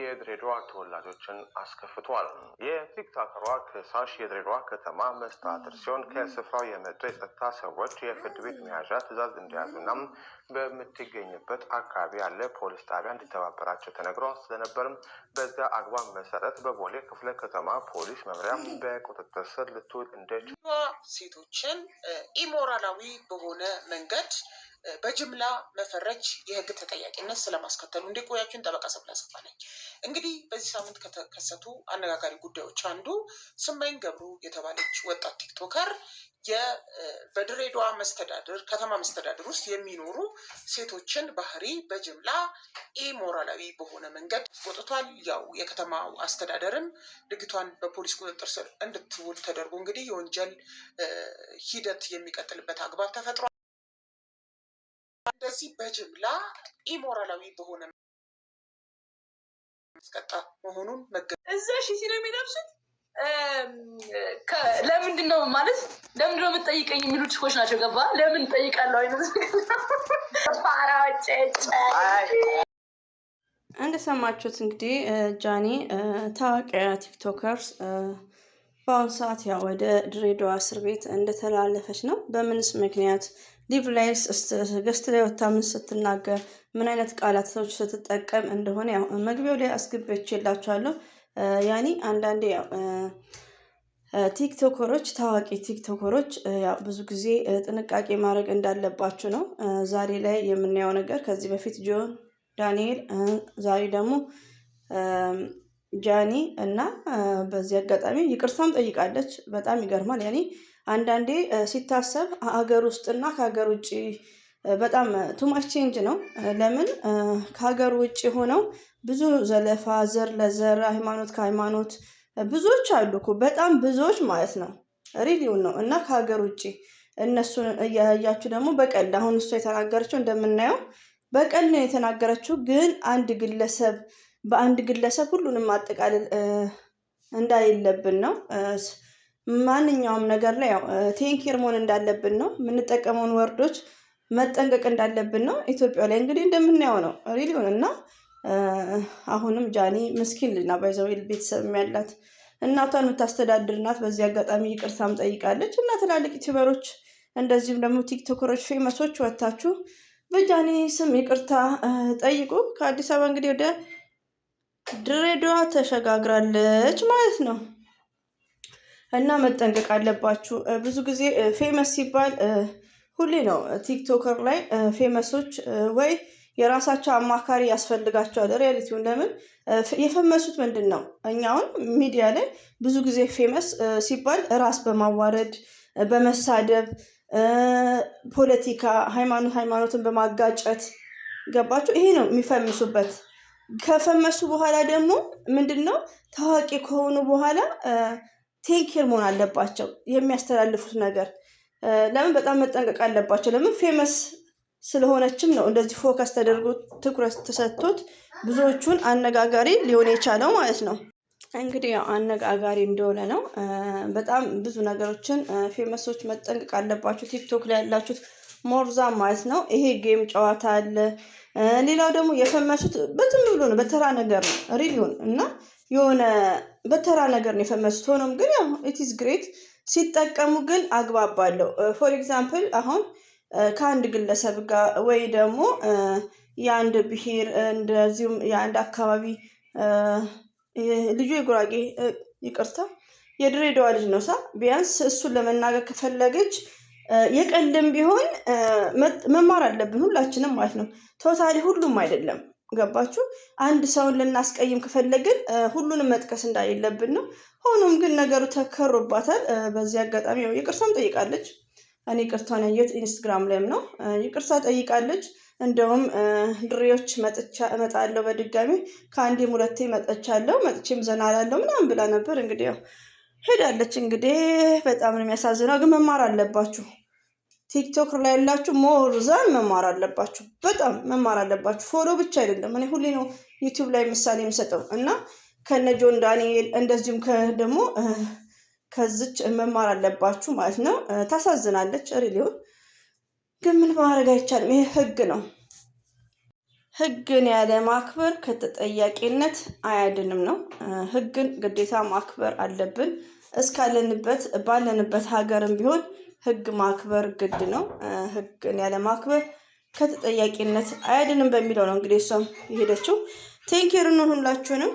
የድሬዳዋ ተወላጆችን አስከፍቷል። የቲክቶከሯ ከሳሽ የድሬዳዋ ከተማ መስተዳድር ሲሆን ከስፍራው የመጡ የጸጥታ ሰዎች የፍርድ ቤት መያዣ ትዕዛዝ እንደያዙና በምትገኝበት አካባቢ ያለ ፖሊስ ጣቢያ እንዲተባበራቸው ተነግሮ ስለነበርም በዛ አግባብ መሰረት በቦሌ ክፍለ ከተማ ፖሊስ መምሪያ በቁጥጥር ስር ልትውል እንደች ሴቶችን ኢሞራላዊ በሆነ መንገድ በጅምላ መፈረጅ የህግ ተጠያቂነት ስለማስከተሉ እንዲ ቆያችን ጠበቃ ሰብለ ሰፋ ነኝ። እንግዲህ በዚህ ሳምንት ከተከሰቱ አነጋጋሪ ጉዳዮች አንዱ ስመኝ ገብሩ የተባለች ወጣት ቲክቶከር በድሬዳዋ መስተዳድር ከተማ መስተዳድር ውስጥ የሚኖሩ ሴቶችን ባህሪ በጅምላ ኢሞራላዊ በሆነ መንገድ ወጥቷል። ያው የከተማው አስተዳደርም ድርጊቷን በፖሊስ ቁጥጥር ስር እንድትውል ተደርጎ እንግዲህ የወንጀል ሂደት የሚቀጥልበት አግባብ ተፈጥሯል። በዚህ በጅምላ ኢሞራላዊ በሆነ ማስቀጣት መሆኑን መገ እዛ ሺ ሲል የሚለብሱት ለምንድን ነው ማለት ለምንድን ነው የምትጠይቀኝ የሚሉ ችኮች ናቸው። ገባ ለምን ጠይቃለሁ አይነት እንደሰማችሁት እንግዲህ ጃኒ ታዋቂ ቲክቶከርስ በአሁኑ ሰዓት ያው ወደ ድሬዳዋ እስር ቤት እንደተላለፈች ነው። በምንስ ምክንያት ሊቭ ላይ ገስት ወታምን ስትናገር ምን አይነት ቃላቶች ስትጠቀም እንደሆነ ያው መግቢያው ላይ አስገብቼላችኋለሁ። ያኔ አንዳንዴ ያው ቲክቶከሮች ታዋቂ ቲክቶከሮች ያው ብዙ ጊዜ ጥንቃቄ ማድረግ እንዳለባችሁ ነው ዛሬ ላይ የምናየው ነገር። ከዚህ በፊት ጆን ዳንኤል፣ ዛሬ ደግሞ ጃኒ እና በዚህ አጋጣሚ ይቅርታም ጠይቃለች። በጣም ይገርማል። ያኔ አንዳንዴ ሲታሰብ ሀገር ውስጥና ከሀገር ውጭ በጣም ቱማች ቼንጅ ነው። ለምን ከሀገር ውጭ ሆነው ብዙ ዘለፋ፣ ዘር ለዘር ሃይማኖት ከሃይማኖት ብዙዎች አሉ እኮ በጣም ብዙዎች ማለት ነው። ሪሊውን ነው እና ከሀገር ውጭ እነሱን እያያችሁ ደግሞ በቀል አሁን እሷ የተናገረችው እንደምናየው በቀል ነው የተናገረችው። ግን አንድ ግለሰብ በአንድ ግለሰብ ሁሉንም ማጠቃለል እንዳሌለብን ነው። ማንኛውም ነገር ላይ ያው ቴንኬር መሆን እንዳለብን ነው። የምንጠቀመውን ወርዶች መጠንቀቅ እንዳለብን ነው። ኢትዮጵያ ላይ እንግዲህ እንደምናየው ነው ሪሊዮን እና አሁንም ጃኒ ምስኪን ልና ባይዘዌል ቤተሰብ ያላት እናቷን የምታስተዳድር እናት በዚህ አጋጣሚ ይቅርታም ጠይቃለች እና ትላልቅ ዩቲዩበሮች እንደዚሁም ደግሞ ቲክቶከሮች ፌመሶች ወታችሁ በጃኒ ስም ይቅርታ ጠይቁ። ከአዲስ አበባ እንግዲህ ወደ ድሬዳዋ ተሸጋግራለች ማለት ነው። እና መጠንቀቅ አለባችሁ። ብዙ ጊዜ ፌመስ ሲባል ሁሌ ነው ቲክቶከር ላይ ፌመሶች ወይ የራሳቸው አማካሪ ያስፈልጋቸዋል። ሪያሊቲውን ለምን የፈመሱት ምንድን ነው? እኛውን ሚዲያ ላይ ብዙ ጊዜ ፌመስ ሲባል ራስ በማዋረድ በመሳደብ ፖለቲካ፣ ሃይማኖት ሃይማኖትን በማጋጨት ገባችሁ? ይሄ ነው የሚፈምሱበት ከፈመሱ በኋላ ደግሞ ምንድን ነው ታዋቂ ከሆኑ በኋላ ቴንኬር መሆን አለባቸው። የሚያስተላልፉት ነገር ለምን በጣም መጠንቀቅ አለባቸው። ለምን ፌመስ ስለሆነችም ነው እንደዚህ ፎከስ ተደርጎ ትኩረት ተሰጥቶት ብዙዎቹን አነጋጋሪ ሊሆን የቻለው ማለት ነው። እንግዲህ ያው አነጋጋሪ እንደሆነ ነው። በጣም ብዙ ነገሮችን ፌመሶች መጠንቀቅ አለባቸው። ቲክቶክ ላይ ያላችሁት ሞርዛ ማለት ነው ይሄ ጌም ጨዋታ አለ ሌላው ደግሞ የፈመሱት በዝም ብሎ ነው በተራ ነገር ነው ሪሊውን እና የሆነ በተራ ነገር ነው የፈመሱት። ሆኖም ግን ያው ኢትስ ግሬት ሲጠቀሙ ግን አግባባለው። ፎር ኤግዛምፕል አሁን ከአንድ ግለሰብ ጋር ወይ ደግሞ የአንድ ብሄር እንደዚሁም የአንድ አካባቢ ልጁ የጉራጌ ይቅርታ የድሬዳዋ ልጅ ነው ሳ ቢያንስ እሱን ለመናገር ከፈለገች የቀልም ቢሆን መማር አለብን ሁላችንም ማለት ነው። ቶታሊ ሁሉም አይደለም። ገባችሁ? አንድ ሰውን ልናስቀይም ከፈለግን ሁሉንም መጥቀስ እንዳሌለብን ነው። ሆኖም ግን ነገሩ ተከሮባታል። በዚህ አጋጣሚ ይቅርታም ጠይቃለች። እኔ ቅርቷን ያየሁት ኢንስትግራም ላይም ነው። ይቅርታ ጠይቃለች። እንደውም ድሬዎች እመጣለሁ በድጋሚ ከአንዴም ሁለቴ መጠቻለሁ መጥቼም ዘና አላለሁ ምናምን ብላ ነበር እንግዲህ ያው ሄዳለች። እንግዲህ በጣም ነው የሚያሳዝነው፣ ግን መማር አለባችሁ። ቲክቶክ ላይ ያላችሁ ዛን መማር አለባችሁ፣ በጣም መማር አለባችሁ። ፎሎ ብቻ አይደለም። እኔ ሁሌ ነው ዩቲዩብ ላይ ምሳሌ የምሰጠው እና ከነ ጆን ዳንኤል እንደዚሁም ደግሞ ከዝች መማር አለባችሁ ማለት ነው። ታሳዝናለች ሪሊዮን ግን ምን ማድረግ አይቻልም። ይህ ህግ ነው። ህግን ያለ ማክበር ከተጠያቂነት አያድንም ነው። ህግን ግዴታ ማክበር አለብን። እስካለንበት ባለንበት ሀገርም ቢሆን ህግ ማክበር ግድ ነው። ህግን ያለ ማክበር ከተጠያቂነት አያድንም በሚለው ነው እንግዲህ እሷም የሄደችው። ቴንኬርኑን ሁላችሁንም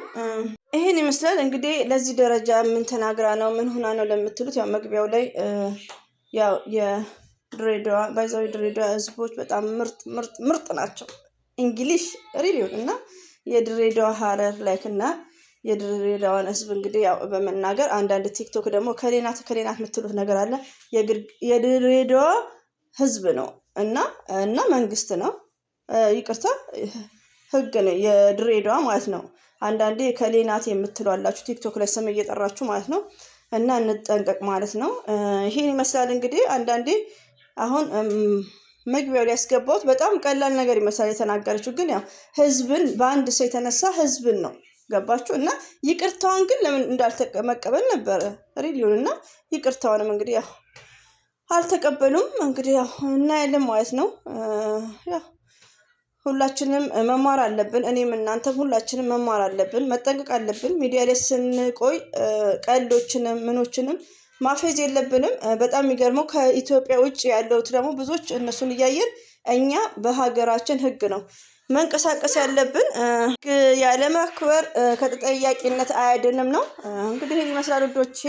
ይህን ይመስላል እንግዲህ። ለዚህ ደረጃ ምን ተናግራ ነው ምን ሆና ነው ለምትሉት ያው መግቢያው ላይ ያው የድሬዳዋ ባይዛዊ ድሬዳዋ ህዝቦች በጣም ምርጥ ምርጥ ምርጥ ናቸው። እንግሊሽ ሪሊውን እና የድሬዳዋ ሀረር ላይክ እና የድሬዳዋን ህዝብ እንግዲህ ያው በመናገር አንዳንድ ቲክቶክ ደግሞ ከሌናት ከሌናት የምትሉት ነገር አለ። የድሬዳዋ ህዝብ ነው እና እና መንግስት ነው ይቅርታ ህግ ነው የድሬዳዋ ማለት ነው። አንዳንዴ ከሌናት የምትሉ አላችሁ ቲክቶክ ላይ ስም እየጠራችሁ ማለት ነው። እና እንጠንቀቅ ማለት ነው። ይሄን ይመስላል እንግዲህ አንዳንዴ አሁን መግቢያው ላይ ያስገባሁት በጣም ቀላል ነገር ይመስላል የተናገረችው፣ ግን ያው ህዝብን በአንድ ሰው የተነሳ ህዝብን ነው ገባችሁ። እና ይቅርታዋን ግን ለምን እንዳልተመቀበል ነበረ ሪሊዮን እና ይቅርታዋንም እንግዲህ ያው አልተቀበሉም። እንግዲህ ያው እናያለን ማለት ነው። ያው ሁላችንም መማር አለብን። እኔም እናንተም ሁላችንም መማር አለብን፣ መጠንቀቅ አለብን። ሚዲያ ላይ ስንቆይ ቀልዶችንም ምኖችንም ማፌዝ የለብንም። በጣም የሚገርመው ከኢትዮጵያ ውጭ ያለውት ደግሞ ብዙዎች እነሱን እያየን እኛ በሀገራችን ህግ ነው መንቀሳቀስ ያለብን። ህግ ያለማክበር ከተጠያቂነት አያድንም ነው። እንግዲህ ይመስላል ውዶቼ።